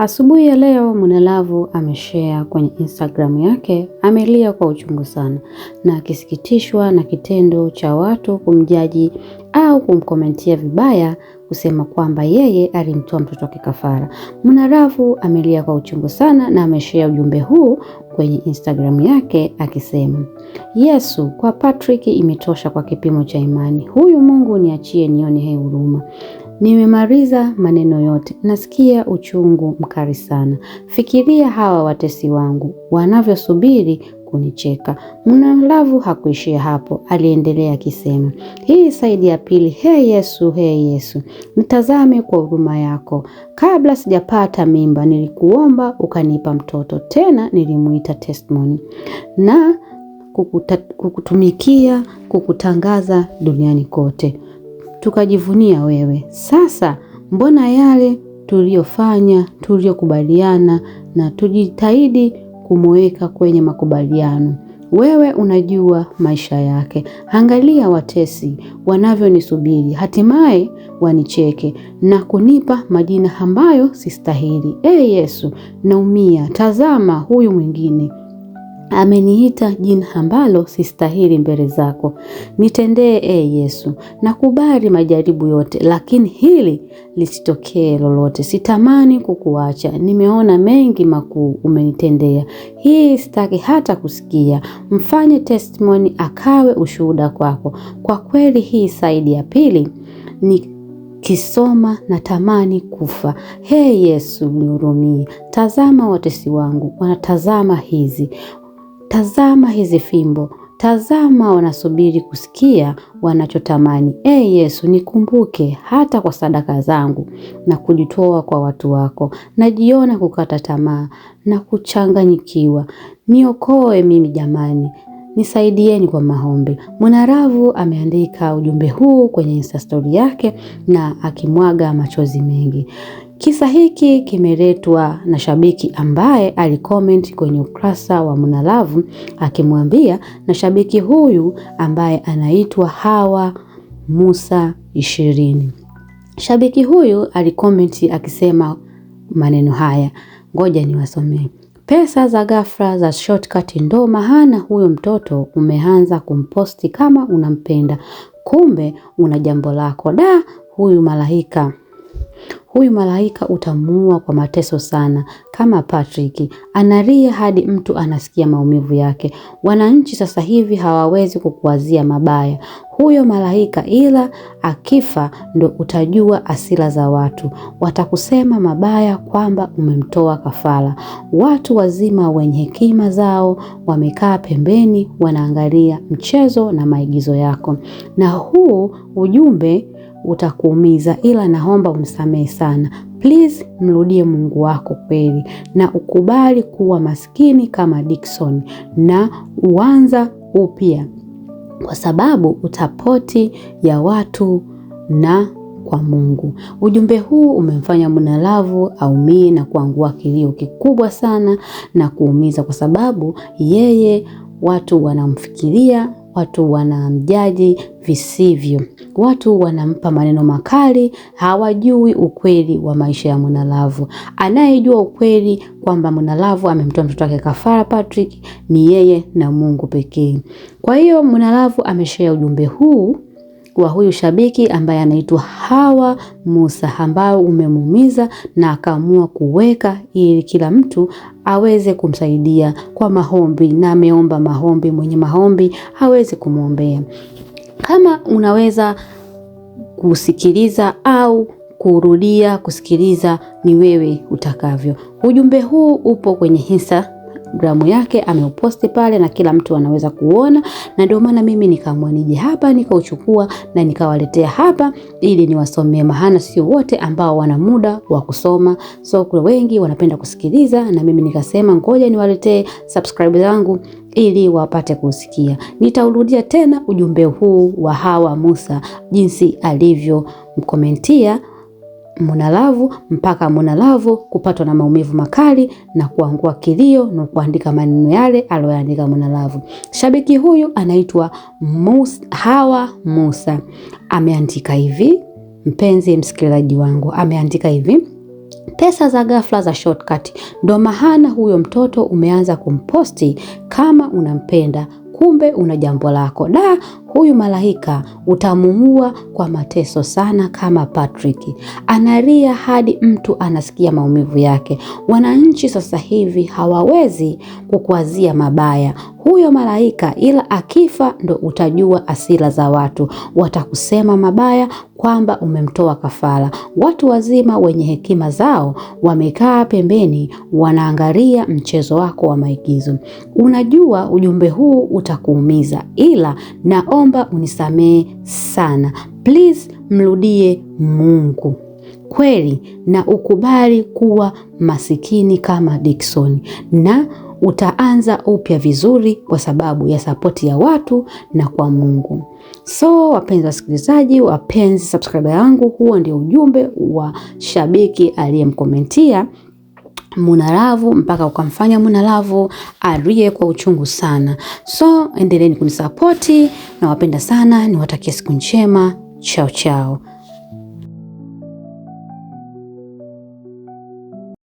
Asubuhi ya leo Monelavu ameshare kwenye Instagram yake, amelia kwa uchungu sana na akisikitishwa na kitendo cha watu kumjaji au kumkomentia vibaya kusema kwamba yeye alimtoa mtoto wa kikafara. Monelavu amelia kwa uchungu sana na ameshare ujumbe huu kwenye Instagram yake akisema, Yesu kwa Patrick imetosha kwa kipimo cha imani. Huyu Mungu niachie nione hei huruma. Nimemaliza maneno yote, nasikia uchungu mkali sana. Fikiria hawa watesi wangu wanavyosubiri kunicheka. Mnalavu hakuishia hapo, aliendelea akisema, hii saidi ya pili. He Yesu, he Yesu, nitazame kwa huruma yako. Kabla sijapata mimba nilikuomba ukanipa mtoto, tena nilimwita testimony na kukuta, kukutumikia kukutangaza duniani kote tukajivunia wewe. Sasa mbona yale tuliyofanya, tuliyokubaliana, na tujitahidi kumweka kwenye makubaliano. Wewe unajua maisha yake. Angalia watesi wanavyonisubiri, hatimaye wanicheke na kunipa majina ambayo sistahili. E Yesu, naumia. Tazama huyu mwingine ameniita jina ambalo sistahili mbele zako. Nitendee e Yesu, nakubali majaribu yote, lakini hili lisitokee lolote. Sitamani kukuacha, nimeona mengi makuu umenitendea, hii sitaki hata kusikia. Mfanye testimony akawe ushuhuda kwako. Kwa kweli hii saidi ya pili ni kisoma na tamani kufa. He Yesu, nihurumie. Tazama watesi wangu wanatazama hizi Tazama hizi fimbo, tazama wanasubiri kusikia wanachotamani. e Yesu, nikumbuke hata kwa sadaka zangu na kujitoa kwa watu wako. Najiona kukata tamaa na kuchanganyikiwa. Niokoe mimi jamani, nisaidieni kwa maombi. Mwanaravu ameandika ujumbe huu kwenye Insta story yake na akimwaga machozi mengi. Kisa hiki kimeletwa na shabiki ambaye alikomenti kwenye ukurasa wa Mwanalavu akimwambia, na shabiki huyu ambaye anaitwa Hawa Musa ishirini. Shabiki huyu alikomenti akisema maneno haya, ngoja niwasomee. Pesa za ghafla za shortcut ndo maana huyo mtoto umeanza kumposti kama unampenda, kumbe una jambo lako. Da, huyu malaika Huyu malaika utamuua kwa mateso sana, kama Patrick analia hadi mtu anasikia maumivu yake. Wananchi sasa hivi hawawezi kukuwazia mabaya huyo malaika, ila akifa ndo utajua asila za watu. Watakusema mabaya kwamba umemtoa kafara. Watu wazima wenye hekima zao wamekaa pembeni, wanaangalia mchezo na maigizo yako, na huu ujumbe utakuumiza, ila naomba unisamehe sana. Please mrudie Mungu wako kweli, na ukubali kuwa maskini kama Dickson na uanza upya, kwa sababu utapoti ya watu na kwa Mungu. Ujumbe huu umemfanya Munalavu aumie na kuangua kilio kikubwa sana na kuumiza, kwa sababu yeye watu wanamfikiria watu wanamjaji visivyo, watu wanampa maneno makali, hawajui ukweli wa maisha ya Mwanalavu. Anayejua ukweli kwamba Mwanalavu amemtoa mtoto wake kafara Patrick ni yeye na Mungu pekee. Kwa hiyo Mwanalavu ameshare ujumbe huu wa huyu shabiki ambaye anaitwa Hawa Musa ambao umemuumiza na akaamua kuweka ili kila mtu aweze kumsaidia kwa maombi, na ameomba maombi, mwenye maombi aweze kumwombea. Kama unaweza kusikiliza au kurudia kusikiliza, ni wewe utakavyo. Ujumbe huu upo kwenye hisa gramu yake ameuposti pale na kila mtu anaweza kuona, na ndio maana mimi nikaamua nije hapa nikauchukua na nikawaletea hapa ili niwasomee, maana sio wote ambao wana muda wa kusoma, so kuna wengi wanapenda kusikiliza, na mimi nikasema ngoja niwaletee subscribe zangu ili wapate kusikia. Nitaurudia tena ujumbe huu wa Hawa Musa jinsi alivyomkomentia Munalavu mpaka Munalavu kupatwa na maumivu makali na kuangua kilio na kuandika maneno yale aliyoandika Munalavu. Shabiki huyu anaitwa Musa, Hawa Musa ameandika hivi, mpenzi msikilizaji wangu, ameandika hivi pesa za ghafla za shortcut. Ndo maana huyo mtoto umeanza kumposti. Kama unampenda kumbe una jambo lako. Da, huyu malaika utamuua kwa mateso sana, kama Patrick analia hadi mtu anasikia maumivu yake. Wananchi sasa hivi hawawezi kukuazia mabaya huyo malaika, ila akifa ndo utajua asira za watu, watakusema mabaya, kwamba umemtoa kafara. Watu wazima wenye hekima zao wamekaa pembeni, wanaangalia mchezo wako wa maigizo. Unajua ujumbe huu utakuumiza, ila naomba unisamehe sana. Please, mrudie Mungu kweli na ukubali kuwa masikini kama Dickson na utaanza upya vizuri kwa sababu ya sapoti ya watu na kwa Mungu. So wapenzi wasikilizaji, wapenzi subscriber yangu, huo ndio ujumbe wa shabiki aliyemkomentia Munaravu mpaka ukamfanya Munaravu alie kwa uchungu sana. So endeleeni kunisapoti, nawapenda sana, niwatakia siku njema. Chao chao.